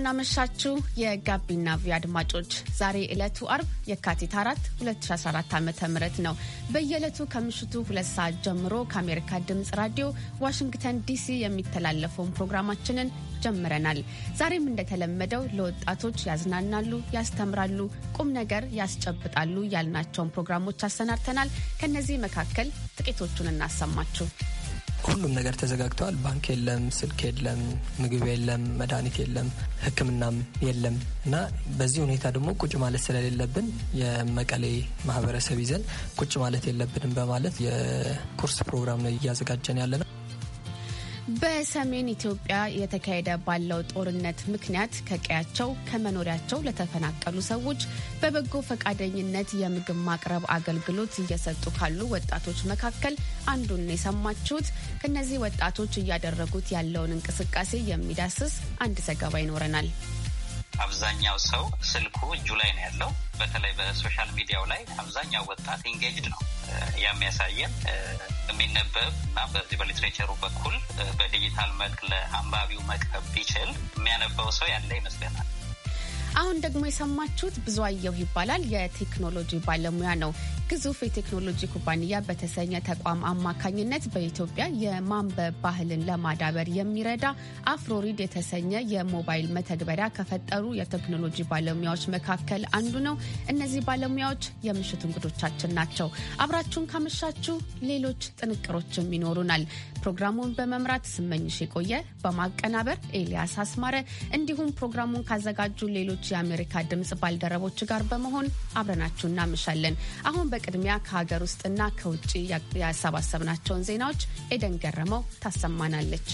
እንደምናመሻችሁ የጋቢና ቪ አድማጮች ዛሬ ዕለቱ አርብ የካቲት አራት 2014 ዓ ም ነው። በየዕለቱ ከምሽቱ ሁለት ሰዓት ጀምሮ ከአሜሪካ ድምፅ ራዲዮ ዋሽንግተን ዲሲ የሚተላለፈውን ፕሮግራማችንን ጀምረናል። ዛሬም እንደተለመደው ለወጣቶች ያዝናናሉ፣ ያስተምራሉ፣ ቁም ነገር ያስጨብጣሉ ያልናቸውን ፕሮግራሞች አሰናድተናል። ከእነዚህ መካከል ጥቂቶቹን እናሰማችሁ። ሁሉም ነገር ተዘጋግተዋል። ባንክ የለም፣ ስልክ የለም፣ ምግብ የለም፣ መድኃኒት የለም፣ ሕክምናም የለም እና በዚህ ሁኔታ ደግሞ ቁጭ ማለት ስለሌለብን የመቀሌ ማህበረሰብ ይዘን ቁጭ ማለት የለብንም በማለት የኩርስ ፕሮግራም ነው እያዘጋጀን ያለ ነው። በሰሜን ኢትዮጵያ የተካሄደ ባለው ጦርነት ምክንያት ከቀያቸው ከመኖሪያቸው ለተፈናቀሉ ሰዎች በበጎ ፈቃደኝነት የምግብ ማቅረብ አገልግሎት እየሰጡ ካሉ ወጣቶች መካከል አንዱን የሰማችሁት። ከእነዚህ ወጣቶች እያደረጉት ያለውን እንቅስቃሴ የሚዳስስ አንድ ዘገባ ይኖረናል። አብዛኛው ሰው ስልኩ እጁ ላይ ነው ያለው። በተለይ በሶሻል ሚዲያው ላይ አብዛኛው ወጣት ኢንጌጅድ ነው። የሚያሳየን የሚነበብ እና በዚህ በሊትሬቸሩ በኩል በዲጂታል መልክ ለአንባቢው መቅረብ ቢችል የሚያነበው ሰው ያለ ይመስለናል። አሁን ደግሞ የሰማችሁት ብዙአየሁ ይባላል። የቴክኖሎጂ ባለሙያ ነው። ግዙፍ የቴክኖሎጂ ኩባንያ በተሰኘ ተቋም አማካኝነት በኢትዮጵያ የማንበብ ባህልን ለማዳበር የሚረዳ አፍሮሪድ የተሰኘ የሞባይል መተግበሪያ ከፈጠሩ የቴክኖሎጂ ባለሙያዎች መካከል አንዱ ነው። እነዚህ ባለሙያዎች የምሽቱ እንግዶቻችን ናቸው። አብራችሁን ካመሻችሁ ሌሎች ጥንቅሮችም ይኖሩናል። ፕሮግራሙን በመምራት ስመኝሽ የቆየ በማቀናበር ኤልያስ አስማረ እንዲሁም ፕሮግራሙን ካዘጋጁ ሌሎች ከሌሎች የአሜሪካ ድምፅ ባልደረቦች ጋር በመሆን አብረናችሁ እናመሻለን። አሁን በቅድሚያ ከሀገር ውስጥና ከውጭ ያሰባሰብናቸውን ዜናዎች ኤደን ገረመው ታሰማናለች።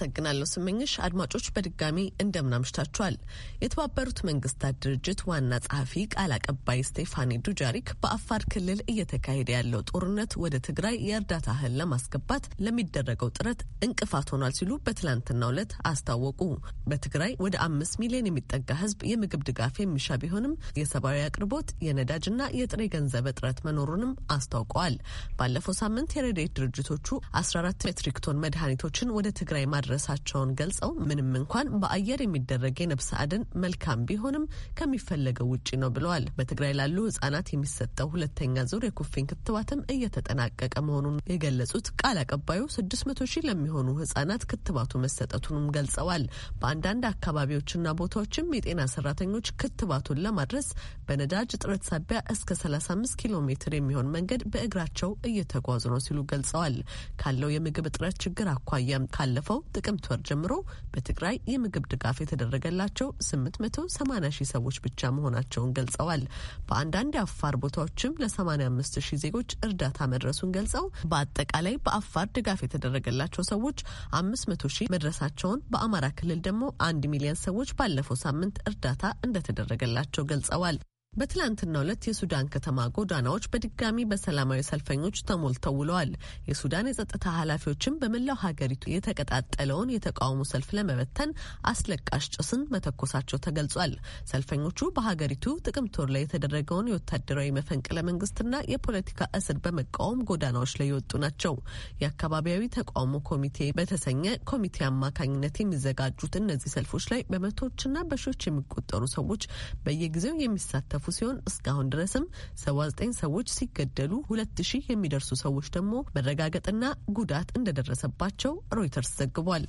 አመሰግናለሁ ስመኝሽ። አድማጮች በድጋሚ እንደምናምሽታችኋል። የተባበሩት መንግስታት ድርጅት ዋና ጸሐፊ ቃል አቀባይ ስቴፋኒ ዱጃሪክ በአፋር ክልል እየተካሄደ ያለው ጦርነት ወደ ትግራይ የእርዳታ እህል ለማስገባት ለሚደረገው ጥረት እንቅፋት ሆኗል ሲሉ በትላንትናው ዕለት አስታወቁ። በትግራይ ወደ አምስት ሚሊዮን የሚጠጋ ህዝብ የምግብ ድጋፍ የሚሻ ቢሆንም የሰብአዊ አቅርቦት የነዳጅና የጥሬ ገንዘብ እጥረት መኖሩንም አስታውቀዋል። ባለፈው ሳምንት የረድኤት ድርጅቶቹ 14 ሜትሪክ ቶን መድኃኒቶችን ወደ ትግራይ ማድረስ መድረሳቸውን ገልጸው ምንም እንኳን በአየር የሚደረግ የነፍስ አድን መልካም ቢሆንም ከሚፈለገው ውጪ ነው ብለዋል። በትግራይ ላሉ ህጻናት የሚሰጠው ሁለተኛ ዙር የኩፊኝ ክትባትም እየተጠናቀቀ መሆኑን የገለጹት ቃል አቀባዩ ስድስት መቶ ሺህ ለሚሆኑ ህጻናት ክትባቱ መሰጠቱንም ገልጸዋል። በአንዳንድ አካባቢዎችና ቦታዎችም የጤና ሰራተኞች ክትባቱን ለማድረስ በነዳጅ እጥረት ሳቢያ እስከ 35 ኪሎ ሜትር የሚሆን መንገድ በእግራቸው እየተጓዙ ነው ሲሉ ገልጸዋል። ካለው የምግብ እጥረት ችግር አኳያም ካለፈው ጥቅምት ወር ጀምሮ በትግራይ የምግብ ድጋፍ የተደረገላቸው 880 ሺህ ሰዎች ብቻ መሆናቸውን ገልጸዋል። በአንዳንድ የአፋር ቦታዎችም ለ85 ሺህ ዜጎች እርዳታ መድረሱን ገልጸው በአጠቃላይ በአፋር ድጋፍ የተደረገላቸው ሰዎች 500 ሺህ መድረሳቸውን፣ በአማራ ክልል ደግሞ አንድ ሚሊዮን ሰዎች ባለፈው ሳምንት እርዳታ እንደተደረገላቸው ገልጸዋል። በትላንትናው ዕለት የሱዳን ከተማ ጎዳናዎች በድጋሚ በሰላማዊ ሰልፈኞች ተሞልተው ውለዋል። የሱዳን የጸጥታ ኃላፊዎችም በመላው ሀገሪቱ የተቀጣጠለውን የተቃውሞ ሰልፍ ለመበተን አስለቃሽ ጭስን መተኮሳቸው ተገልጿል። ሰልፈኞቹ በሀገሪቱ ጥቅምት ወር ላይ የተደረገውን የወታደራዊ መፈንቅለ መንግስትና የፖለቲካ እስር በመቃወም ጎዳናዎች ላይ የወጡ ናቸው። የአካባቢያዊ ተቃውሞ ኮሚቴ በተሰኘ ኮሚቴ አማካኝነት የሚዘጋጁት እነዚህ ሰልፎች ላይ በመቶዎችና በሺዎች የሚቆጠሩ ሰዎች በየጊዜው የሚሳተፉ የተሳተፉ ሲሆን እስካሁን ድረስም 79 ሰዎች ሲገደሉ 2000 የሚደርሱ ሰዎች ደግሞ መረጋገጥና ጉዳት እንደደረሰባቸው ሮይተርስ ዘግቧል።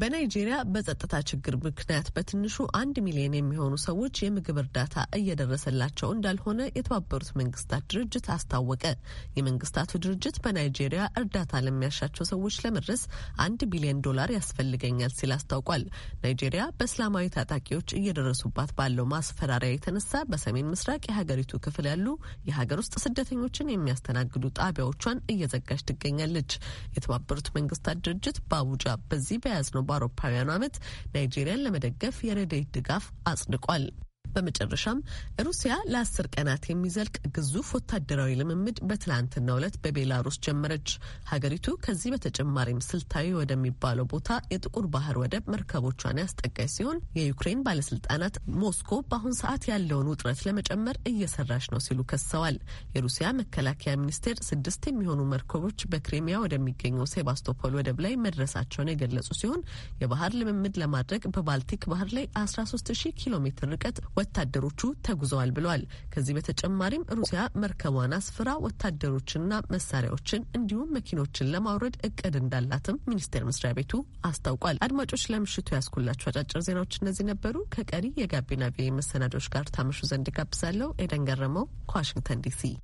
በናይጄሪያ በጸጥታ ችግር ምክንያት በትንሹ አንድ ሚሊዮን የሚሆኑ ሰዎች የምግብ እርዳታ እየደረሰላቸው እንዳልሆነ የተባበሩት መንግስታት ድርጅት አስታወቀ። የመንግስታቱ ድርጅት በናይጄሪያ እርዳታ ለሚያሻቸው ሰዎች ለመድረስ አንድ ቢሊዮን ዶላር ያስፈልገኛል ሲል አስታውቋል። ናይጄሪያ በእስላማዊ ታጣቂዎች እየደረሱባት ባለው ማስፈራሪያ የተነሳ በሰሜን ምስራቅ የሀገሪቱ ክፍል ያሉ የሀገር ውስጥ ስደተኞችን የሚያስተናግዱ ጣቢያዎቿን እየዘጋች ትገኛለች። የተባበሩት መንግስታት ድርጅት በአቡጃ በዚህ በያዝ ነው በአውሮፓውያኑ ዓመት ናይጄሪያን ለመደገፍ የረድኤት ድጋፍ አጽድቋል። በመጨረሻም ሩሲያ ለአስር ቀናት የሚዘልቅ ግዙፍ ወታደራዊ ልምምድ በትላንትናው ዕለት በቤላሩስ ጀመረች። ሀገሪቱ ከዚህ በተጨማሪም ስልታዊ ወደሚባለው ቦታ የጥቁር ባህር ወደብ መርከቦቿን ያስጠጋች ሲሆን የዩክሬን ባለስልጣናት ሞስኮ በአሁን ሰዓት ያለውን ውጥረት ለመጨመር እየሰራች ነው ሲሉ ከሰዋል። የሩሲያ መከላከያ ሚኒስቴር ስድስት የሚሆኑ መርከቦች በክሪሚያ ወደሚገኘው ሴባስቶፖል ወደብ ላይ መድረሳቸውን የገለጹ ሲሆን የባህር ልምምድ ለማድረግ በባልቲክ ባህር ላይ 130 ኪሎ ሜትር ርቀት ወታደሮቹ ተጉዘዋል ብለዋል። ከዚህ በተጨማሪም ሩሲያ መርከቧን አስፍራ ወታደሮችንና መሳሪያዎችን እንዲሁም መኪኖችን ለማውረድ እቅድ እንዳላትም ሚኒስቴር መስሪያ ቤቱ አስታውቋል። አድማጮች ለምሽቱ ያስኩላቸው አጫጭር ዜናዎች እነዚህ ነበሩ። ከቀሪ የጋቢና ቪኦኤ መሰናዶች ጋር ታመሹ ዘንድ ጋብዛለሁ። ኤደን ገረመው ከዋሽንግተን ዲሲ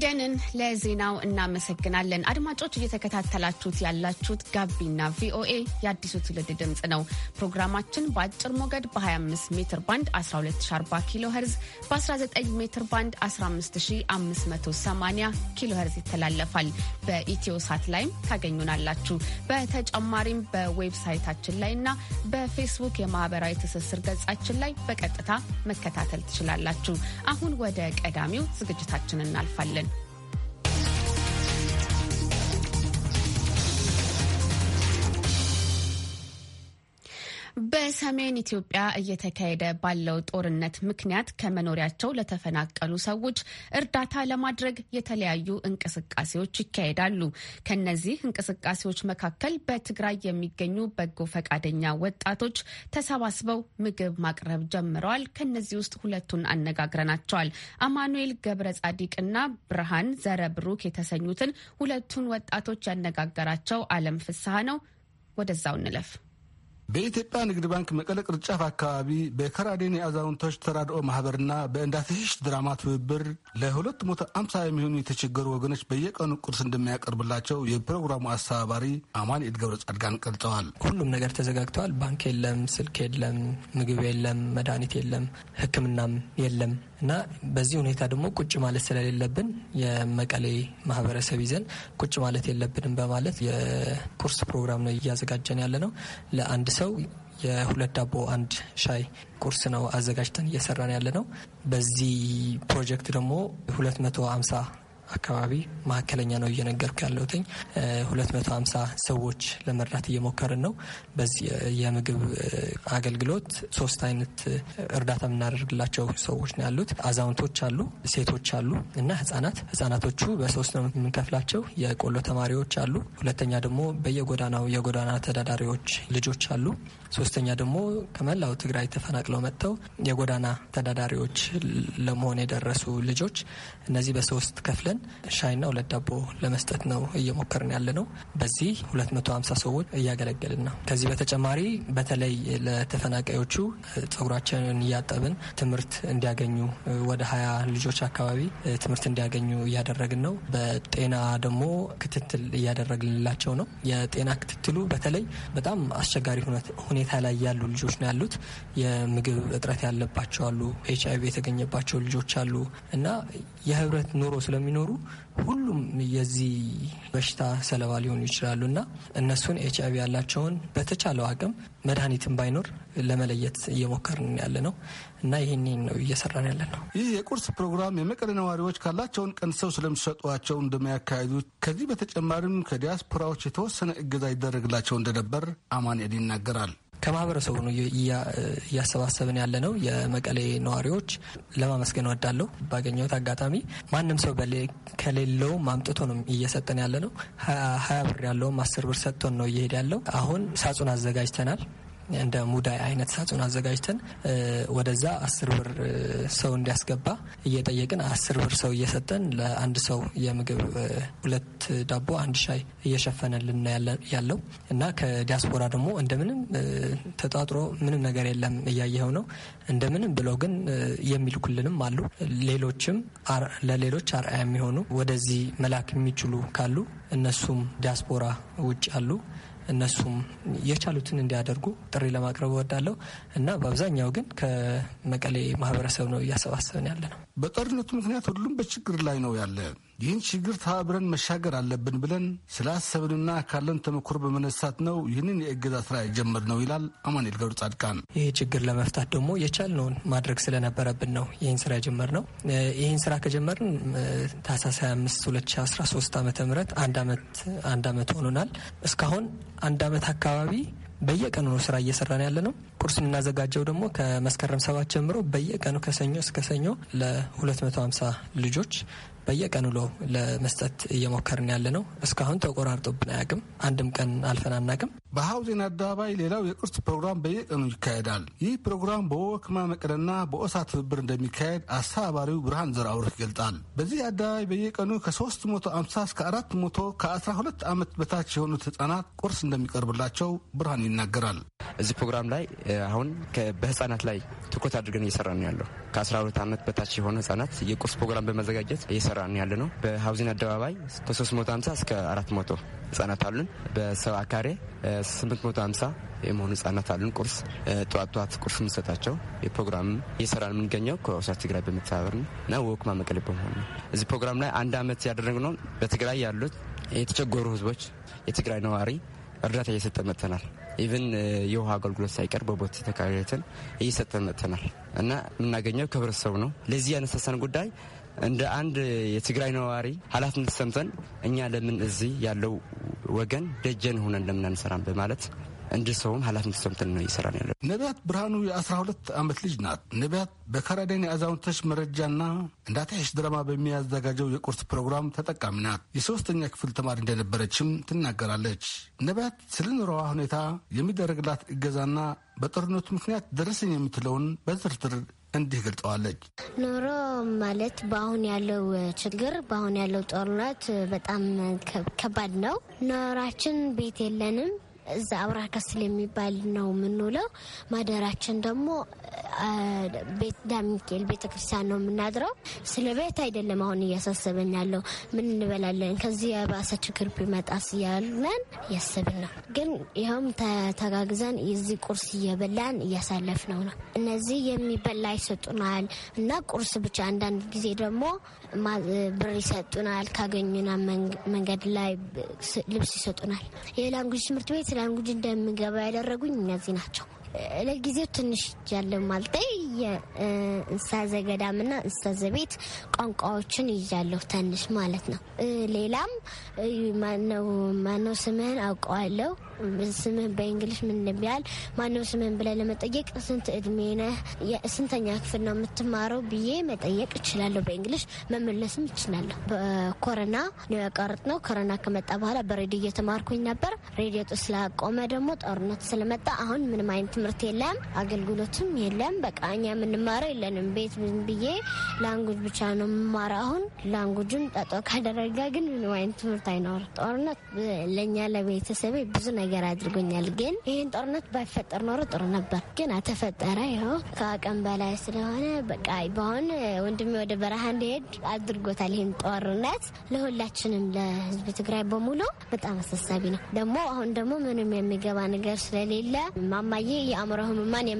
ኤደንን ለዜናው እናመሰግናለን። አድማጮች እየተከታተላችሁት ያላችሁት ጋቢና ቪኦኤ የአዲሱ ትውልድ ድምፅ ነው። ፕሮግራማችን በአጭር ሞገድ በ25 ሜትር ባንድ 1240 ኪሎ ሄርዝ፣ በ19 ሜትር ባንድ 15580 ኪሎ ሄርዝ ይተላለፋል። በኢትዮ ሳት ላይም ታገኙናላችሁ። በተጨማሪም በዌብሳይታችን ላይ እና በፌስቡክ የማህበራዊ ትስስር ገጻችን ላይ በቀጥታ መከታተል ትችላላችሁ። አሁን ወደ ቀዳሚው ዝግጅታችን እናልፋለን። በሰሜን ኢትዮጵያ እየተካሄደ ባለው ጦርነት ምክንያት ከመኖሪያቸው ለተፈናቀሉ ሰዎች እርዳታ ለማድረግ የተለያዩ እንቅስቃሴዎች ይካሄዳሉ። ከነዚህ እንቅስቃሴዎች መካከል በትግራይ የሚገኙ በጎ ፈቃደኛ ወጣቶች ተሰባስበው ምግብ ማቅረብ ጀምረዋል። ከነዚህ ውስጥ ሁለቱን አነጋግረናቸዋል። አማኑኤል ገብረ ጻዲቅና ብርሃን ዘረብሩክ የተሰኙትን ሁለቱን ወጣቶች ያነጋገራቸው አለም ፍስሐ ነው። ወደዛው እንለፍ። በኢትዮጵያ ንግድ ባንክ መቀለ ቅርንጫፍ አካባቢ በከራዴን የአዛውንቶች ተራድኦ ማህበርና በእንዳትሽሽ ድራማ ትብብር ለ250 የሚሆኑ የተቸገሩ ወገኖች በየቀኑ ቁርስ እንደሚያቀርብላቸው የፕሮግራሙ አስተባባሪ አማኑኤል ገብረ ጻድቃን ገልጸዋል። ሁሉም ነገር ተዘጋግተዋል። ባንክ የለም፣ ስልክ የለም፣ ምግብ የለም፣ መድኃኒት የለም፣ ሕክምናም የለም እና በዚህ ሁኔታ ደግሞ ቁጭ ማለት ስለሌለብን የመቀሌ ማህበረሰብ ይዘን ቁጭ ማለት የለብንም በማለት የቁርስ ፕሮግራም ነው እያዘጋጀን ያለ ነው ለአንድ ሰው የሁለት ዳቦ አንድ ሻይ ቁርስ ነው አዘጋጅተን እየሰራን ያለ ነው። በዚህ ፕሮጀክት ደግሞ አምሳ አካባቢ መካከለኛ ነው እየነገርኩ ያለሁትኝ። 250 ሰዎች ለመርዳት እየሞከርን ነው። በዚህ የምግብ አገልግሎት ሶስት አይነት እርዳታ የምናደርግላቸው ሰዎች ነው ያሉት። አዛውንቶች አሉ፣ ሴቶች አሉ እና ህጻናት። ህጻናቶቹ በሶስት ነው የምንከፍላቸው። የቆሎ ተማሪዎች አሉ። ሁለተኛ ደግሞ በየጎዳናው የጎዳና ተዳዳሪዎች ልጆች አሉ። ሶስተኛ ደግሞ ከመላው ትግራይ ተፈናቅለው መጥተው የጎዳና ተዳዳሪዎች ለመሆን የደረሱ ልጆች እነዚህ በሶስት ከፍለን ሻይና ሁለት ዳቦ ለመስጠት ነው እየሞከርን ያለ ነው። በዚህ 250 ሰዎች እያገለገልን ነው። ከዚህ በተጨማሪ በተለይ ለተፈናቃዮቹ ጸጉራቸውን እያጠብን ትምህርት እንዲያገኙ ወደ ሀያ ልጆች አካባቢ ትምህርት እንዲያገኙ እያደረግን ነው። በጤና ደግሞ ክትትል እያደረግንላቸው ነው። የጤና ክትትሉ በተለይ በጣም አስቸጋሪ ሁኔታ ሁኔታ ላይ ያሉ ልጆች ነው ያሉት። የምግብ እጥረት ያለባቸው አሉ፣ ኤች አይቪ የተገኘባቸው ልጆች አሉ እና የህብረት ኑሮ ስለሚኖሩ ሁሉም የዚህ በሽታ ሰለባ ሊሆኑ ይችላሉ እና እነሱን ኤች አይቪ ያላቸውን በተቻለው አቅም መድኃኒትም ባይኖር ለመለየት እየሞከርን ያለ ነው እና ይህን ነው እየሰራን ያለ ነው። ይህ የቁርስ ፕሮግራም የመቀሌ ነዋሪዎች ካላቸውን ቀንሰው ስለሚሰጧቸው እንደሚያካሂዱ ከዚህ በተጨማሪም ከዲያስፖራዎች የተወሰነ እገዛ ይደረግላቸው እንደነበር አማን ይናገራል። ከማህበረሰቡ ነው እያሰባሰብን ያለ ነው። የመቀሌ ነዋሪዎች ለማመስገን ወዳለሁ ባገኘሁት አጋጣሚ ማንም ሰው ከሌለው ማምጥቶ ነው እየሰጠን ያለ ነው። ሀያ ብር ያለውም አስር ብር ሰጥቶን ነው እየሄድ ያለው። አሁን ሳጹን አዘጋጅተናል። እንደ ሙዳይ አይነት ሳጽን አዘጋጅተን ወደዛ አስር ብር ሰው እንዲያስገባ እየጠየቅን አስር ብር ሰው እየሰጠን ለአንድ ሰው የምግብ ሁለት ዳቦ አንድ ሻይ እየሸፈነልን ያለው እና ከዲያስፖራ ደግሞ እንደምንም ተጧጥሮ ምንም ነገር የለም እያየኸው ነው እንደምንም ብለው ግን የሚልኩልንም አሉ። ሌሎችም ለሌሎች አርአያ የሚሆኑ ወደዚህ መላክ የሚችሉ ካሉ እነሱም ዲያስፖራ ውጭ አሉ እነሱም የቻሉትን እንዲያደርጉ ጥሪ ለማቅረብ እወዳለሁ እና በአብዛኛው ግን ከመቀሌ ማህበረሰብ ነው እያሰባሰብን ያለ ነው። በጦርነቱ ምክንያት ሁሉም በችግር ላይ ነው ያለ ይህን ችግር ተባብረን መሻገር አለብን ብለን ስላሰብንና ካለን ተመክሮ በመነሳት ነው ይህንን የእገዛ ስራ የጀመርነው ይላል አማኑኤል ገብሩ ጻድቃን። ይህ ችግር ለመፍታት ደግሞ የቻልነውን ማድረግ ስለነበረብን ነው ይህን ስራ የጀመርነው። ይህን ስራ ከጀመርን ታህሳስ 25 2013 ዓ ም አንድ ዓመት ሆኖናል። እስካሁን አንድ አመት አካባቢ በየቀኑ ነው ስራ እየሰራን ያለ ነው። ቁርስ የምናዘጋጀው ደግሞ ከመስከረም ሰባት ጀምሮ በየቀኑ ከሰኞ እስከ ሰኞ ለ250 ልጆች በየቀን ሎ ለመስጠት እየሞከርን ያለ ነው። እስካሁን ተቆራርጦብን አያውቅም። አንድም ቀን አልፈን አናውቅም። በሀውዜን አደባባይ ሌላው የቁርስ ፕሮግራም በየቀኑ ይካሄዳል። ይህ ፕሮግራም በወክማ መቀለና በኦሳ ትብብር እንደሚካሄድ አስተባባሪው ብርሃን ዘርአውርት ይገልጣል። በዚህ አደባባይ በየቀኑ ከ350 እስከ 400 ከ12 ዓመት በታች የሆኑት ህጻናት ቁርስ እንደሚቀርብላቸው ብርሃን ይናገራል። እዚህ ፕሮግራም ላይ አሁን በህጻናት ላይ ትኩረት አድርገን እየሰራ ነው ያለው። ከ12 ዓመት በታች የሆኑ ህጻናት የቁርስ ፕሮግራም በመዘጋጀት እየሰራ እየሰራን ያለ ነው። በሀውዚን አደባባይ ከ350 እስከ 400 ህጻናት አሉን። በሰው አካሬ 850 የመሆኑ ህጻናት አሉን። ቁርስ ጠዋት ጠዋት ቁርስ የምንሰጣቸው የፕሮግራም እየሰራን የምንገኘው ከኦሳስ ትግራይ በመተባበር ነው እና ወክ ማመቀሌ በመሆን ነው። እዚህ ፕሮግራም ላይ አንድ አመት ያደረግነው በትግራይ ያሉት የተቸገሩ ህዝቦች የትግራይ ነዋሪ እርዳታ እየሰጠ መጥተናል። ኢቨን የውሃ አገልግሎት ሳይቀር በቦት ተካሄደትን እየሰጠ መጥተናል እና የምናገኘው ከህብረተሰቡ ነው። ለዚህ ያነሳሳን ጉዳይ እንደ አንድ የትግራይ ነዋሪ ኃላፊነት ሰምተን እኛ ለምን እዚህ ያለው ወገን ደጀን ሆነን ለምን አንሰራም በማለት እንድ ሰውም ኃላፊነት ሰምተን ነው እየሰራን ያለ። ነቢያት ብርሃኑ የ ሁለት ዓመት ልጅ ናት። ነቢያት በካራዳይን የአዛውንቶች መረጃና እንዳታይሽ ድራማ በሚያዘጋጀው የቁርስ ፕሮግራም ተጠቃሚ ናት። የሶስተኛ ክፍል ተማሪ እንደነበረችም ትናገራለች። ነቢያት ስለ ኑሮዋ ሁኔታ የሚደረግላት እገዛና በጦርነቱ ምክንያት ደረሰኝ የምትለውን በዝርዝር እንዲህ ገልጸዋለች። ኑሮ ማለት በአሁን ያለው ችግር በአሁን ያለው ጦርነት በጣም ከባድ ነው። ኖራችን ቤት የለንም እዛ አብራ የሚባል ነው የምንውለው። ማደራችን ደግሞ ቤት ዳሚካኤል ቤተ ክርስቲያን ነው የምናድረው። ስለ ቤት አይደለም አሁን እያሳሰበን ያለው ምን እንበላለን፣ ከዚህ የባሰ ችግር ቢመጣ ስያለን እያሰብን ነው። ግን ይኸውም ተጋግዘን የዚህ ቁርስ እየበላን እያሳለፍ ነው ነው እነዚህ የሚበላ ይሰጡናል እና ቁርስ ብቻ አንዳንድ ጊዜ ደግሞ ብር ይሰጡናል። ካገኙና መንገድ ላይ ልብስ ይሰጡናል። የላንጉጅ ትምህርት ቤት ላንጉጅ እንደምገባ ያደረጉኝ እነዚህ ናቸው። ለጊዜው ትንሽ ይጃለሁ ማለት እንስሳ ዘገዳምና እንስሳ ዘቤት ቋንቋዎችን ይዣለሁ ትንሽ ማለት ነው። ሌላም ማነው ማነው ስምህን አውቀዋለሁ ስምህ በእንግሊሽ ምን ቢያል ማንም ስምህን ብለህ ለመጠየቅ ስንት እድሜ ነህ፣ ስንተኛ ክፍል ነው የምትማረው ብዬ መጠየቅ እችላለሁ። በእንግሊሽ መመለስም እችላለሁ። በኮረና ነው ያቋረጥ ነው። ኮረና ከመጣ በኋላ በሬዲዮ እየተማርኩኝ ነበር። ሬዲዮ ስላቆመ ደግሞ ጦርነት ስለመጣ አሁን ምንም አይነት ትምህርት የለም፣ አገልግሎትም የለም። በቃ እኛ የምንማረው የለንም። ቤት ብዬ ላንጉጅ ብቻ ነው የምማረው። አሁን ላንጉጁን ጠጦ ካደረጋ ግን ምንም አይነት ትምህርት አይኖር። ጦርነት ለእኛ ለቤተሰቤ ብዙ ነገር ነገር አድርጎኛል። ግን ይህን ጦርነት ባይፈጠር ኖሮ ጥሩ ነበር፣ ግን አተፈጠረ። ይኸው ከአቅም በላይ ስለሆነ በቃ በአሁን ወንድሜ ወደ በረሃ እንዲሄድ አድርጎታል። ይህን ጦርነት ለሁላችንም ለህዝብ ትግራይ በሙሉ በጣም አሳሳቢ ነው። ደግሞ አሁን ደግሞ ምንም የሚገባ ነገር ስለሌለ ማማዬ የአእምሮ ህሙማን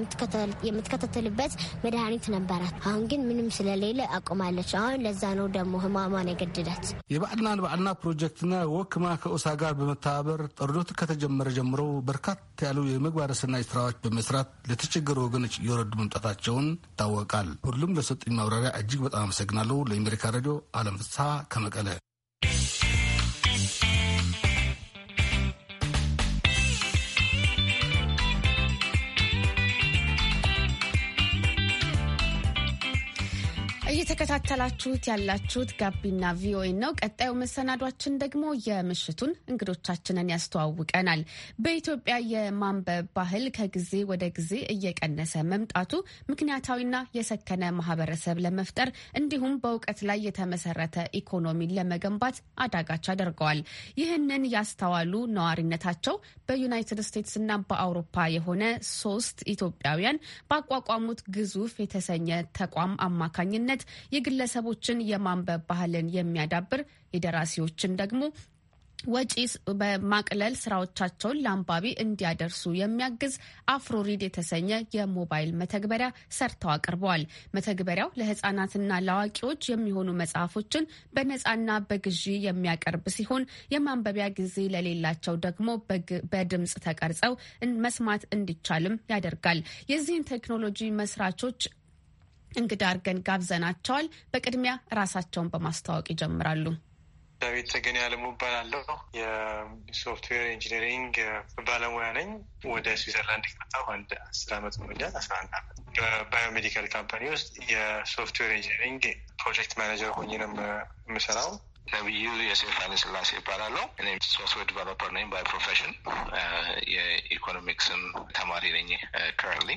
የምትከታተልበት መድኃኒት ነበራት። አሁን ግን ምንም ስለሌለ አቁማለች። አሁን ለዛ ነው ደግሞ ህማማን የገድዳት የበዓልና ለበዓልና ፕሮጀክትና ወክማ ከኡሳ ጋር በመተባበር ጦርነቱ ከተጀመረ ከተጀመረ ጀምሮ በርካታ ያሉ የምግባረ ሰናይ ስራዎች በመስራት ለተቸገሩ ወገኖች እየወረዱ መምጣታቸውን ይታወቃል። ሁሉም ለሰጡኝ ማብራሪያ እጅግ በጣም አመሰግናለሁ። ለአሜሪካ ሬዲዮ አለም ፍስሐ ከመቀለ እየተከታተላችሁት ያላችሁት ጋቢና ቪኦኤ ነው። ቀጣዩ መሰናዷችን ደግሞ የምሽቱን እንግዶቻችንን ያስተዋውቀናል። በኢትዮጵያ የማንበብ ባህል ከጊዜ ወደ ጊዜ እየቀነሰ መምጣቱ ምክንያታዊና የሰከነ ማህበረሰብ ለመፍጠር እንዲሁም በእውቀት ላይ የተመሰረተ ኢኮኖሚን ለመገንባት አዳጋች አድርገዋል። ይህንን ያስተዋሉ ነዋሪነታቸው በዩናይትድ ስቴትስና በአውሮፓ የሆነ ሶስት ኢትዮጵያውያን ባቋቋሙት ግዙፍ የተሰኘ ተቋም አማካኝነት የግለሰቦችን የማንበብ ባህልን የሚያዳብር የደራሲዎችን ደግሞ ወጪ በማቅለል ስራዎቻቸውን ለአንባቢ እንዲያደርሱ የሚያግዝ አፍሮሪድ የተሰኘ የሞባይል መተግበሪያ ሰርተው አቅርበዋል። መተግበሪያው ለህጻናትና ለአዋቂዎች የሚሆኑ መጽሐፎችን በነፃና በግዢ የሚያቀርብ ሲሆን የማንበቢያ ጊዜ ለሌላቸው ደግሞ በድምፅ ተቀርጸው መስማት እንዲቻልም ያደርጋል። የዚህን ቴክኖሎጂ መስራቾች እንግዳ አድርገን ጋብዘናቸዋል። በቅድሚያ ራሳቸውን በማስተዋወቅ ይጀምራሉ። ዳዊት ተገኔ አለሙ እባላለሁ። የሶፍትዌር ኢንጂነሪንግ ባለሙያ ነኝ። ወደ ስዊዘርላንድ ከመጣሁ አንድ አስር አመት ሆኖኛል። አስራ አንድ አመት በባዮሜዲካል ካምፓኒ ውስጥ የሶፍትዌር ኢንጂነሪንግ ፕሮጀክት ማኔጀር ሆኜ ነው የምሰራው። ነብዩ የሴፍ ኃይለ ስላሴ ይባላለሁ። እኔ ሶፍትዌር ዲቨሎፐር ነኝ ባይ ፕሮፌሽን። የኢኮኖሚክስም ተማሪ ነኝ ከረንትሊ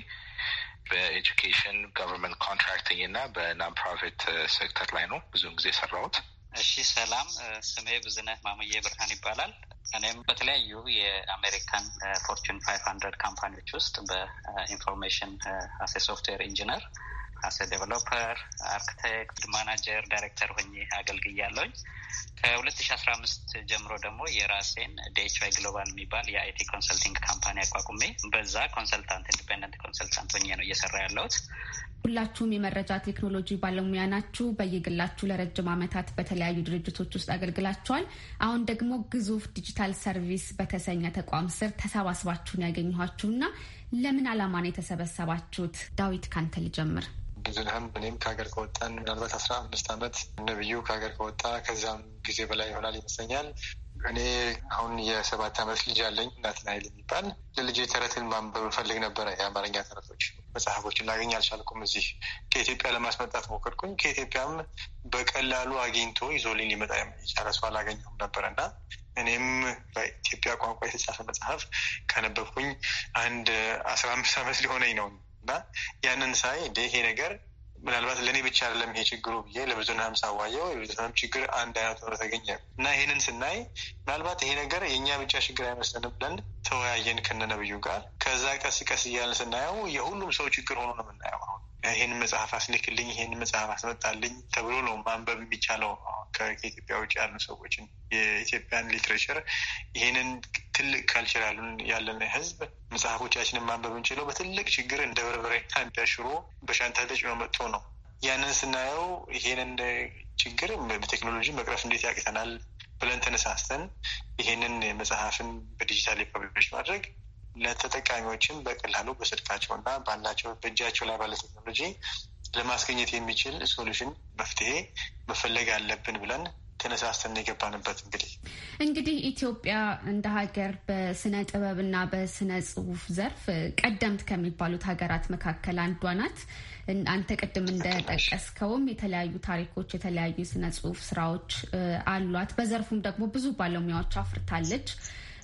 በኤጁኬሽን ገቨርንመንት ኮንትራክቲንግ እና በናን ፕሮፊት uh, ሴክተር ላይ ነው ብዙውን ጊዜ የሰራሁት። እሺ፣ ሰላም። uh, ስሜ ብዝነህ ማሙዬ ብርሃን ይባላል። እኔም በተለያዩ የአሜሪካን ፎርቹን ፋይቭ ሀንድረድ ካምፓኒዎች ውስጥ በኢንፎርሜሽን አሴ ሶፍትዌር ኢንጂነር አሰ ዴቨሎፐር፣ አርክቴክት፣ ማናጀር፣ ዳይሬክተር ሆኜ አገልግያለሁኝ። ከሁለት ሺ አስራ አምስት ጀምሮ ደግሞ የራሴን ዴችዋይ ግሎባል የሚባል የአይቲ ኮንሰልቲንግ ካምፓኒ አቋቁሜ በዛ ኮንሰልታንት ኢንዲፔንደንት ኮንሰልታንት ሆኜ ነው እየሰራ ያለሁት። ሁላችሁም የመረጃ ቴክኖሎጂ ባለሙያ ናችሁ። በየግላችሁ ለረጅም ዓመታት በተለያዩ ድርጅቶች ውስጥ አገልግላችኋል። አሁን ደግሞ ግዙፍ ዲጂታል ሰርቪስ በተሰኘ ተቋም ስር ተሰባስባችሁን ያገኘኋችሁና ለምን ዓላማ ነው የተሰበሰባችሁት? ዳዊት ካንተ ልጀምር። ብዙልህም እኔም ከሀገር ከወጣን ምናልባት አስራ አምስት አመት ነብዩ ከሀገር ከወጣ ከዛም ጊዜ በላይ ይሆናል ይመስለኛል። እኔ አሁን የሰባት አመት ልጅ አለኝ። እናትን ኃይል የሚባል ለልጅ ተረትን ማንበብ ፈልግ ነበረ። የአማርኛ ተረቶች መጽሐፎችን ላገኝ አልቻልኩም። እዚህ ከኢትዮጵያ ለማስመጣት ሞከርኩኝ። ከኢትዮጵያም በቀላሉ አግኝቶ ይዞልኝ ሊመጣ የቻለ ሰው አላገኘሁም ነበረ እና እኔም በኢትዮጵያ ቋንቋ የተጻፈ መጽሐፍ ካነበብኩኝ አንድ አስራ አምስት አመት ሊሆነኝ ነው እና ያንን ሳይ ይሄ ነገር ምናልባት ለእኔ ብቻ አይደለም ይሄ ችግሩ ብዬ ለብዙን ሀምሳ ዋየው ችግር አንድ አይነት ሆኖ ተገኘ እና ይህንን ስናይ ምናልባት ይሄ ነገር የእኛ ብቻ ችግር አይመስለን ብለን ተወያየን ከነነብዩ ጋር። ከዛ ቀስ ቀስ እያለን ስናየው የሁሉም ሰው ችግር ሆኖ ነው የምናየው አሁን ይህን መጽሐፍ አስልክልኝ፣ ይህን መጽሐፍ አስመጣልኝ ተብሎ ነው ማንበብ የሚቻለው። ከኢትዮጵያ ውጭ ያሉ ሰዎችን የኢትዮጵያን ሊትሬቸር ይህንን ትልቅ ካልቸር ያለን ህዝብ መጽሐፎቻችንን ማንበብ የምንችለው በትልቅ ችግር እንደ በርበሬና እንደ ሽሮ በሻንጣ ተጭኖ መጥቶ ነው። ያንን ስናየው ይህንን ችግር በቴክኖሎጂ መቅረፍ እንዴት ያቅተናል ብለን ተነሳስተን ይህንን መጽሐፍን በዲጂታል ፐብሊሽ ማድረግ ለተጠቃሚዎችም በቀላሉ በስልካቸው እና ባላቸው በእጃቸው ላይ ባለ ቴክኖሎጂ ለማስገኘት የሚችል ሶሉሽን መፍትሄ መፈለግ አለብን ብለን ተነሳስተን የገባንበት እንግዲህ እንግዲህ ኢትዮጵያ እንደ ሀገር በስነ ጥበብና በስነ ጽሁፍ ዘርፍ ቀደምት ከሚባሉት ሀገራት መካከል አንዷ ናት። አንተ ቅድም እንደጠቀስከውም የተለያዩ ታሪኮች፣ የተለያዩ ስነ ጽሁፍ ስራዎች አሏት። በዘርፉም ደግሞ ብዙ ባለሙያዎች አፍርታለች።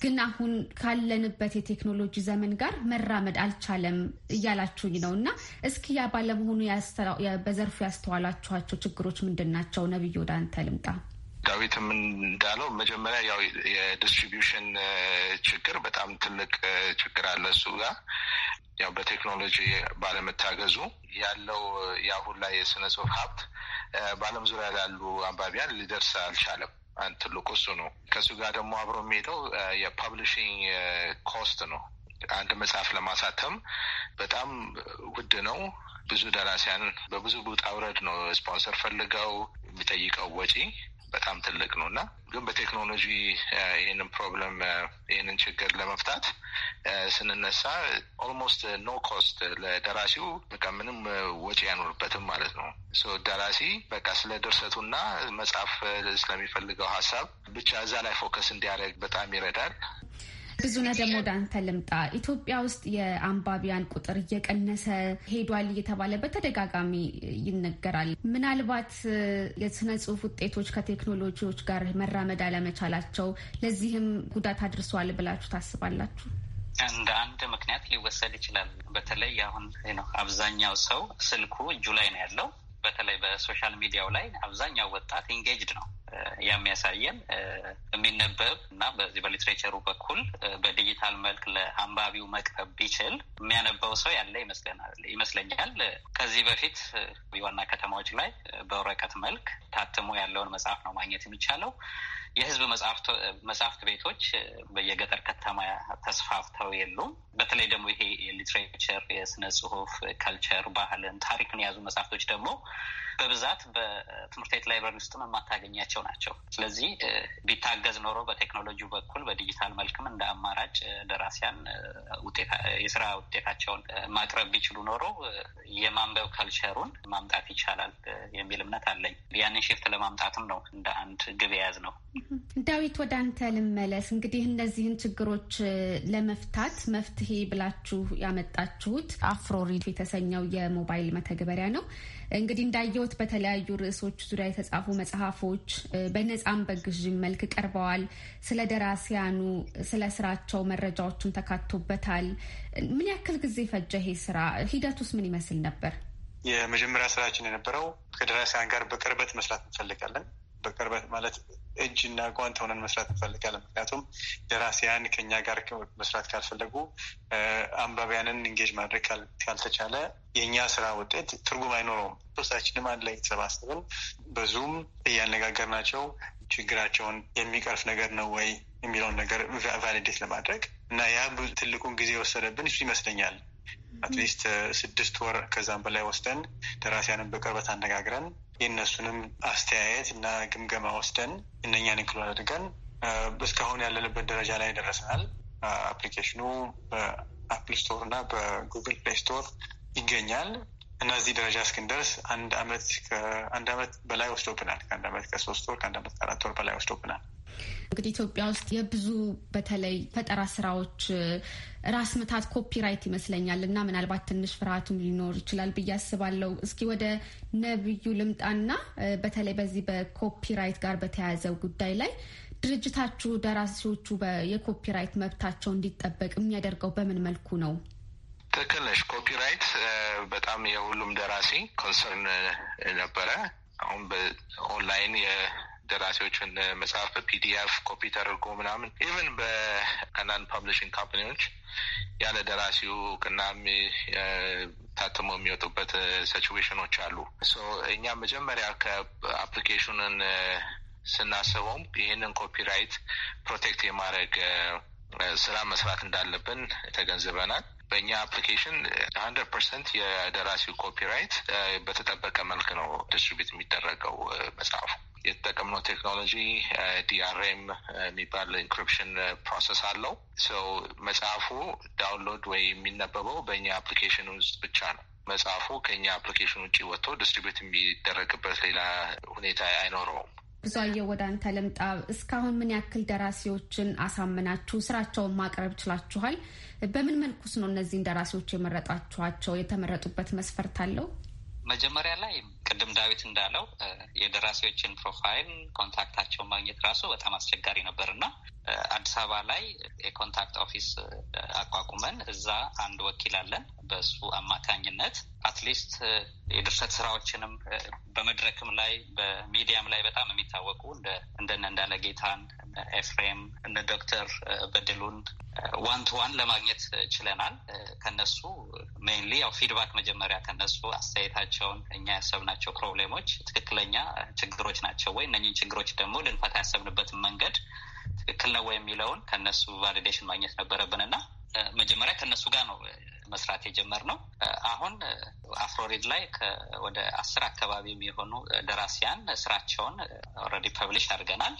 ግን አሁን ካለንበት የቴክኖሎጂ ዘመን ጋር መራመድ አልቻለም እያላችሁኝ ነው እና እስኪ ያ ባለመሆኑ በዘርፉ ያስተዋላችኋቸው ችግሮች ምንድን ናቸው? ነብዩ ወደ አንተ ልምጣ። ዳዊትም እንዳለው መጀመሪያ ያው የዲስትሪቢሽን ችግር በጣም ትልቅ ችግር አለ። እሱ ጋር ያው በቴክኖሎጂ ባለመታገዙ ያለው የአሁን ላይ የስነ ጽሁፍ ሀብት በዓለም ዙሪያ ላሉ አንባቢያን ሊደርስ አልቻለም። ትልቁ እሱ ነው። ከእሱ ጋር ደግሞ አብሮ የሚሄደው የፐብሊሽንግ ኮስት ነው። አንድ መጽሐፍ ለማሳተም በጣም ውድ ነው። ብዙ ደራሲያን በብዙ ውጣ ውረድ ነው ስፖንሰር ፈልገው የሚጠይቀው ወጪ በጣም ትልቅ ነው እና ግን በቴክኖሎጂ ይህንን ፕሮብለም ይህንን ችግር ለመፍታት ስንነሳ ኦልሞስት ኖ ኮስት ለደራሲው በቃ ምንም ወጪ አይኖርበትም ማለት ነው። ደራሲ በቃ ስለ ድርሰቱና መጽሐፍ ስለሚፈልገው ሀሳብ ብቻ እዛ ላይ ፎከስ እንዲያደርግ በጣም ይረዳል። ብዙነ ደግሞ ወደ አንተ ልምጣ። ኢትዮጵያ ውስጥ የአንባቢያን ቁጥር እየቀነሰ ሄዷል እየተባለ በተደጋጋሚ ይነገራል። ምናልባት የስነ ጽሁፍ ውጤቶች ከቴክኖሎጂዎች ጋር መራመድ አለመቻላቸው ለዚህም ጉዳት አድርሰዋል ብላችሁ ታስባላችሁ? እንደ አንድ ምክንያት ሊወሰድ ይችላል። በተለይ አሁን አብዛኛው ሰው ስልኩ እጁ ላይ ነው ያለው። በተለይ በሶሻል ሚዲያው ላይ አብዛኛው ወጣት ኢንጌጅድ ነው የሚያሳየን የሚነበብ እና በዚህ በሊትሬቸሩ በኩል በዲጂታል መልክ ለአንባቢው መቅረብ ቢችል የሚያነባው ሰው ያለ ይመስለናል ይመስለኛል። ከዚህ በፊት የዋና ከተማዎች ላይ በወረቀት መልክ ታትሞ ያለውን መጽሐፍ ነው ማግኘት የሚቻለው። የህዝብ መጽሐፍት ቤቶች በየገጠር ከተማ ተስፋፍተው የሉም። በተለይ ደግሞ ይሄ የሊትሬቸር የስነ ጽሁፍ፣ ከልቸር፣ ባህልን፣ ታሪክን የያዙ መጽሐፍቶች ደግሞ በብዛት በትምህርት ቤት ላይብረሪ ውስጥም የማታገኛቸው ናቸው። ስለዚህ ቢታገዝ ኖሮ በቴክኖሎጂ በኩል በዲጂታል መልክም እንደ አማራጭ ደራሲያን የስራ ውጤታቸውን ማቅረብ ቢችሉ ኖሮ የማንበብ ካልቸሩን ማምጣት ይቻላል የሚል እምነት አለኝ። ያንን ሽፍት ለማምጣትም ነው እንደ አንድ ግብ የያዝ ነው። ዳዊት ወደ አንተ ልመለስ። እንግዲህ እነዚህን ችግሮች ለመፍታት መፍትሄ ብላችሁ ያመጣችሁት አፍሮሪድ የተሰኘው የሞባይል መተግበሪያ ነው። እንግዲህ እንዳየሁት በተለያዩ ርዕሶች ዙሪያ የተጻፉ መጽሐፎች በነፃም በግዥም መልክ ቀርበዋል። ስለ ደራሲያኑ ስለ ስራቸው መረጃዎችም ተካቶበታል። ምን ያክል ጊዜ ፈጀ ይሄ ስራ? ሂደቱስ ምን ይመስል ነበር? የመጀመሪያ ስራችን የነበረው ከደራሲያን ጋር በቅርበት መስራት እንፈልጋለን በቅርበት ማለት እጅና ጓንት ሆነን መስራት እንፈልጋለን። ምክንያቱም ደራሲያን ከኛ ጋር መስራት ካልፈለጉ፣ አንባቢያንን እንጌጅ ማድረግ ካልተቻለ የእኛ ስራ ውጤት ትርጉም አይኖረውም። ሶስታችንም አንድ ላይ የተሰባሰብን በዙም እያነጋገርናቸው ችግራቸውን የሚቀርፍ ነገር ነው ወይ የሚለውን ነገር ቫሊዴት ለማድረግ እና ያ ትልቁን ጊዜ የወሰደብን እሱ ይመስለኛል። አትሊስት ስድስት ወር ከዛም በላይ ወስደን ደራሲያንን በቅርበት አነጋግረን የእነሱንም አስተያየት እና ግምገማ ወስደን እነኛን ክሎ አድርገን እስካሁን ያለንበት ደረጃ ላይ ደረሰናል። አፕሊኬሽኑ በአፕል ስቶር እና በጉግል ፕሌይ ስቶር ይገኛል። እና እዚህ ደረጃ እስክንደርስ አንድ አመት ከአንድ አመት በላይ ወስዶብናል። ከአንድ አመት ከሶስት ወር ከአንድ አመት ከአራት ወር በላይ ወስዶብናል። እንግዲህ ኢትዮጵያ ውስጥ የብዙ በተለይ ፈጠራ ስራዎች ራስ ምታት ኮፒራይት ይመስለኛል እና ምናልባት ትንሽ ፍርሃቱም ሊኖር ይችላል ብዬ አስባለሁ። እስኪ ወደ ነብዩ ልምጣና በተለይ በዚህ በኮፒራይት ጋር በተያያዘው ጉዳይ ላይ ድርጅታችሁ ደራሲዎቹ የኮፒራይት መብታቸው እንዲጠበቅ የሚያደርገው በምን መልኩ ነው? ትክክል ነሽ። ኮፒራይት በጣም የሁሉም ደራሲ ኮንሰርን ነበረ። አሁን በኦንላይን ደራሲዎችን መጽሐፍ በፒዲኤፍ ኮፒ ተደርጎ ምናምን ኢቨን በአንዳንድ ፐብሊሽንግ ካምፓኒዎች ያለ ደራሲው ቅናም ታትሞ የሚወጡበት ሲቹዌሽኖች አሉ። እኛ መጀመሪያ ከአፕሊኬሽኑን ስናስበውም ይህንን ኮፒራይት ፕሮቴክት የማድረግ ስራ መስራት እንዳለብን ተገንዝበናል። በእኛ አፕሊኬሽን ሀንድረድ ፐርሰንት የደራሲው ኮፒራይት በተጠበቀ መልክ ነው ዲስትሪቢዩት የሚደረገው መጽሐፉ። የተጠቀምነው ቴክኖሎጂ ዲአርኤም የሚባል ኢንክሪፕሽን ፕሮሰስ አለው። ሰው መጽሐፉ ዳውንሎድ ወይ የሚነበበው በእኛ አፕሊኬሽን ውስጥ ብቻ ነው። መጽሐፉ ከኛ አፕሊኬሽን ውጭ ወጥቶ ዲስትሪቢዩት የሚደረግበት ሌላ ሁኔታ አይኖረውም። ብዙ አየሁ ወደ አንተ ልምጣ። እስካሁን ምን ያክል ደራሲዎችን አሳምናችሁ ስራቸውን ማቅረብ ችላችኋል? በምን መልኩስ ነው እነዚህን ደራሲዎች የመረጣችኋቸው? የተመረጡበት መስፈርት አለው? መጀመሪያ ላይ ቅድም ዳዊት እንዳለው የደራሲዎችን ፕሮፋይል ኮንታክታቸውን ማግኘት ራሱ በጣም አስቸጋሪ ነበር እና አዲስ አበባ ላይ የኮንታክት ኦፊስ አቋቁመን እዛ አንድ ወኪል አለን። በሱ አማካኝነት አትሊስት uh, የድርሰት ስራዎችንም uh, በመድረክም ላይ በሚዲያም ላይ በጣም የሚታወቁ እንደነ እንዳለ ጌታን፣ ኤፍሬም፣ እነ ዶክተር uh, በድሉን ዋን ቱ ዋን ለማግኘት ችለናል። ከነሱ ሜይንሊ ያው ፊድባክ መጀመሪያ ከነሱ አስተያየታቸውን እኛ ያሰብናቸው ፕሮብሌሞች ትክክለኛ ችግሮች ናቸው ወይ፣ እነኝን ችግሮች ደግሞ ልንፈታ ያሰብንበትን መንገድ ትክክል ነው ወይ የሚለውን ከነሱ ቫሊዴሽን ማግኘት ነበረብን እና መጀመሪያ ከነሱ ጋር ነው መስራት የጀመርነው። አሁን አፍሮሪድ ላይ ወደ አስር አካባቢ የሚሆኑ ደራሲያን ስራቸውን ኦልሬዲ ፐብሊሽ አድርገናል።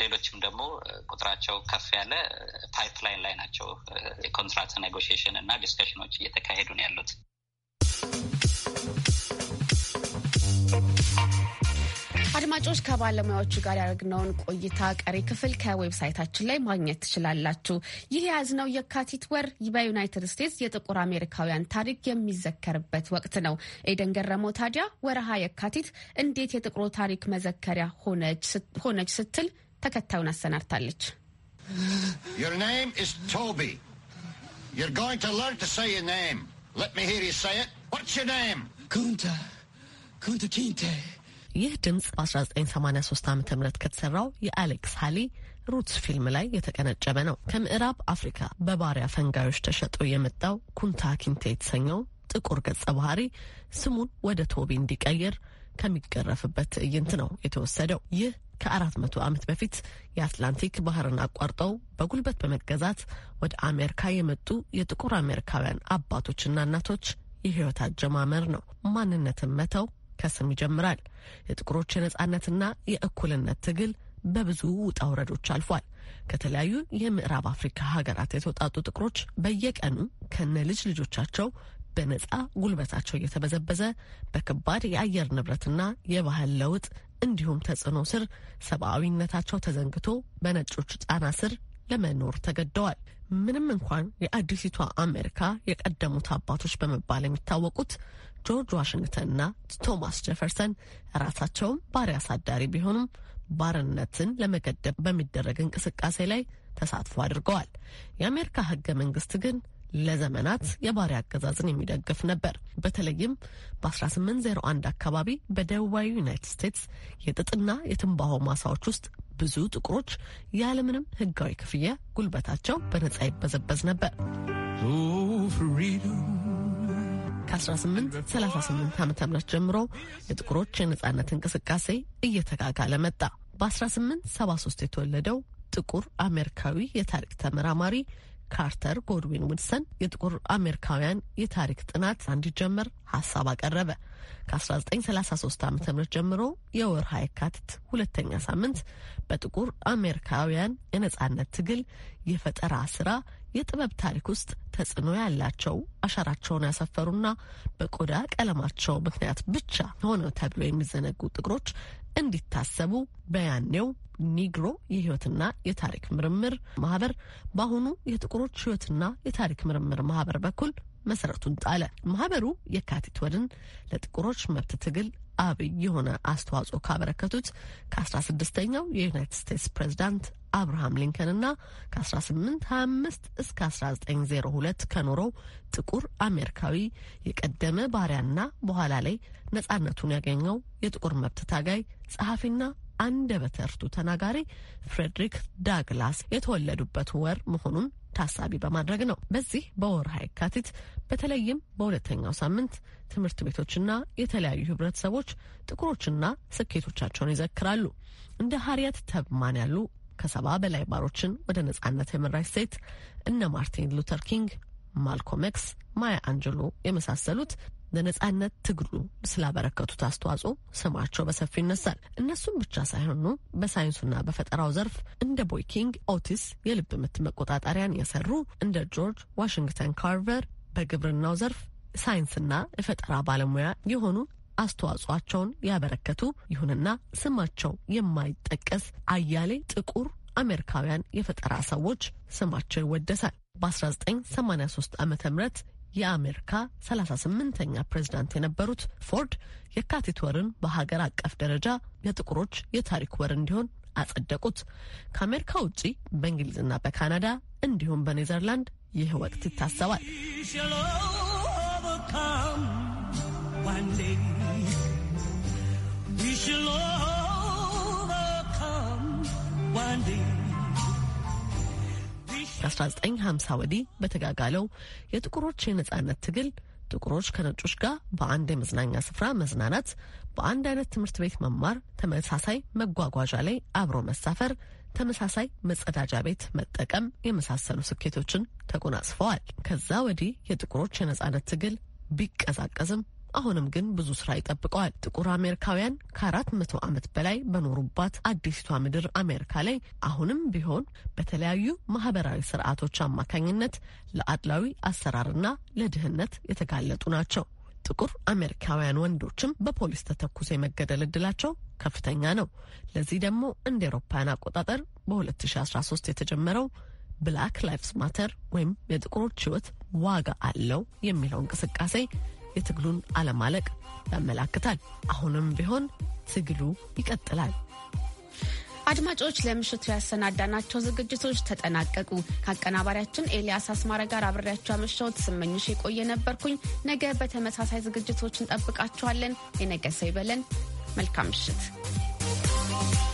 ሌሎችም ደግሞ ቁጥራቸው ከፍ ያለ ፓይፕላይን ላይ ናቸው። የኮንትራት ኔጎሽሽን እና ዲስከሽኖች እየተካሄዱ ነው ያሉት። አድማጮች ከባለሙያዎቹ ጋር ያደረግነውን ቆይታ ቀሪ ክፍል ከዌብሳይታችን ላይ ማግኘት ትችላላችሁ። ይህ የያዝነው የካቲት ወር በዩናይትድ ስቴትስ የጥቁር አሜሪካውያን ታሪክ የሚዘከርበት ወቅት ነው። ኤደን ገረመው ታዲያ ወረሃ የካቲት እንዴት የጥቁሮ ታሪክ መዘከሪያ ሆነች ስትል ተከታዩን አሰናድታለች። Your name is Toby. You're going to learn to say your name. Let me hear you say it. What's your name? Kunta. Kunta Kinte. ይህ ድምፅ በ1983 ዓ ም ከተሰራው የአሌክስ ሃሊ ሩትስ ፊልም ላይ የተቀነጨበ ነው። ከምዕራብ አፍሪካ በባሪያ ፈንጋዮች ተሸጦ የመጣው ኩንታ ኪንቴ የተሰኘው ጥቁር ገጸ ባህሪ ስሙን ወደ ቶቢ እንዲቀይር ከሚገረፍበት ትዕይንት ነው የተወሰደው። ይህ ከአራት መቶ ዓመት በፊት የአትላንቲክ ባህርን አቋርጠው በጉልበት በመገዛት ወደ አሜሪካ የመጡ የጥቁር አሜሪካውያን አባቶችና እናቶች የህይወት አጀማመር ነው። ማንነትን መተው ከስም ይጀምራል። የጥቁሮች የነጻነትና የእኩልነት ትግል በብዙ ውጣ ውረዶች አልፏል። ከተለያዩ የምዕራብ አፍሪካ ሀገራት የተውጣጡ ጥቁሮች በየቀኑ ከነ ልጅ ልጆቻቸው በነጻ ጉልበታቸው እየተበዘበዘ በከባድ የአየር ንብረትና የባህል ለውጥ እንዲሁም ተጽዕኖ ስር ሰብአዊነታቸው ተዘንግቶ በነጮች ጫና ስር ለመኖር ተገደዋል። ምንም እንኳን የአዲሲቷ አሜሪካ የቀደሙት አባቶች በመባል የሚታወቁት ጆርጅ ዋሽንግተንና ቶማስ ጀፈርሰን ራሳቸውም ባሪያ አሳዳሪ ቢሆኑም ባርነትን ለመገደብ በሚደረግ እንቅስቃሴ ላይ ተሳትፎ አድርገዋል። የአሜሪካ ህገ መንግስት ግን ለዘመናት የባሪያ አገዛዝን የሚደግፍ ነበር። በተለይም በ1801 አካባቢ በደቡባዊ ዩናይትድ ስቴትስ የጥጥና የትንባሆ ማሳዎች ውስጥ ብዙ ጥቁሮች ያለምንም ህጋዊ ክፍያ ጉልበታቸው በነጻ ይበዘበዝ ነበር። oh, ከ1838 ዓ ም ጀምሮ የጥቁሮች የነጻነት እንቅስቃሴ እየተጋጋለ መጣ። በ1873 የተወለደው ጥቁር አሜሪካዊ የታሪክ ተመራማሪ ካርተር ጎድዊን ውድሰን የጥቁር አሜሪካውያን የታሪክ ጥናት እንዲጀመር ሀሳብ አቀረበ። ከ1933 ዓ ም ጀምሮ የወርሃ የካቲት ሁለተኛ ሳምንት በጥቁር አሜሪካውያን የነጻነት ትግል፣ የፈጠራ ስራ፣ የጥበብ ታሪክ ውስጥ ተጽዕኖ ያላቸው አሻራቸውን ያሰፈሩና በቆዳ ቀለማቸው ምክንያት ብቻ ሆነው ተብሎ የሚዘነጉ ጥቁሮች እንዲታሰቡ በያኔው ኒግሮ የህይወትና የታሪክ ምርምር ማህበር በአሁኑ የጥቁሮች ህይወትና የታሪክ ምርምር ማህበር በኩል መሰረቱን ጣለ። ማህበሩ የካቲት ወርን ለጥቁሮች መብት ትግል አብይ የሆነ አስተዋጽኦ ካበረከቱት ከ16ኛው የዩናይትድ ስቴትስ ፕሬዚዳንት አብርሃም ሊንከንና ከ1825 እስከ 1902 ከኖረው ጥቁር አሜሪካዊ የቀደመ ባሪያና በኋላ ላይ ነጻነቱን ያገኘው የጥቁር መብት ታጋይ ጸሐፊና አንደበተ ርቱዕ ተናጋሪ ፍሬድሪክ ዳግላስ የተወለዱበት ወር መሆኑን ታሳቢ በማድረግ ነው። በዚህ በወርሃ የካቲት በተለይም በሁለተኛው ሳምንት ትምህርት ቤቶችና የተለያዩ ህብረተሰቦች ጥቁሮችና ስኬቶቻቸውን ይዘክራሉ። እንደ ሀሪያት ተብማን ያሉ ከሰባ በላይ ባሮችን ወደ ነጻነት የመራች ሴት እነ ማርቲን ሉተር ኪንግ፣ ማልኮም ኤክስ፣ ማያ አንጀሎ የመሳሰሉት ለነጻነት ትግሉ ስላበረከቱት አስተዋጽኦ ስማቸው በሰፊው ይነሳል። እነሱም ብቻ ሳይሆኑ በሳይንሱና በፈጠራው ዘርፍ እንደ ቦይኪንግ ኦቲስ የልብ ምት መቆጣጠሪያን የሰሩ እንደ ጆርጅ ዋሽንግተን ካርቨር በግብርናው ዘርፍ ሳይንስና የፈጠራ ባለሙያ የሆኑ አስተዋጽኦአቸውን ያበረከቱ ይሁንና ስማቸው የማይጠቀስ አያሌ ጥቁር አሜሪካውያን የፈጠራ ሰዎች ስማቸው ይወደሳል። በ1983 ዓ ም የአሜሪካ 38ኛ ፕሬዝዳንት የነበሩት ፎርድ የካቲት ወርን በሀገር አቀፍ ደረጃ የጥቁሮች የታሪክ ወር እንዲሆን አጸደቁት። ከአሜሪካ ውጪ በእንግሊዝና በካናዳ እንዲሁም በኔዘርላንድ ይህ ወቅት ይታሰባል። We shall overcome one day. ከ1950 ወዲህ በተጋጋለው የጥቁሮች የነጻነት ትግል ጥቁሮች ከነጮች ጋር በአንድ የመዝናኛ ስፍራ መዝናናት፣ በአንድ አይነት ትምህርት ቤት መማር፣ ተመሳሳይ መጓጓዣ ላይ አብሮ መሳፈር፣ ተመሳሳይ መጸዳጃ ቤት መጠቀም የመሳሰሉ ስኬቶችን ተጎናጽፈዋል። ከዛ ወዲህ የጥቁሮች የነጻነት ትግል ቢቀዛቀዝም አሁንም ግን ብዙ ስራ ይጠብቀዋል። ጥቁር አሜሪካውያን ከአራት መቶ ዓመት በላይ በኖሩባት አዲስቷ ምድር አሜሪካ ላይ አሁንም ቢሆን በተለያዩ ማህበራዊ ስርዓቶች አማካኝነት ለአድላዊ አሰራርና ለድህነት የተጋለጡ ናቸው። ጥቁር አሜሪካውያን ወንዶችም በፖሊስ ተተኩሶ የመገደል እድላቸው ከፍተኛ ነው። ለዚህ ደግሞ እንደ ኤሮፓውያን አቆጣጠር በ2013 የተጀመረው ብላክ ላይፍስ ማተር ወይም የጥቁሮች ህይወት ዋጋ አለው የሚለው እንቅስቃሴ የትግሉን አለማለቅ ያመላክታል። አሁንም ቢሆን ትግሉ ይቀጥላል። አድማጮች ለምሽቱ ያሰናዳናቸው ዝግጅቶች ተጠናቀቁ። ከአቀናባሪያችን ኤልያስ አስማረ ጋር አብሬያቸው ያመሸሁት ስመኝሽ የቆየ ነበርኩኝ። ነገ በተመሳሳይ ዝግጅቶች እንጠብቃችኋለን። የነገ ሰው ይበለን። መልካም ምሽት።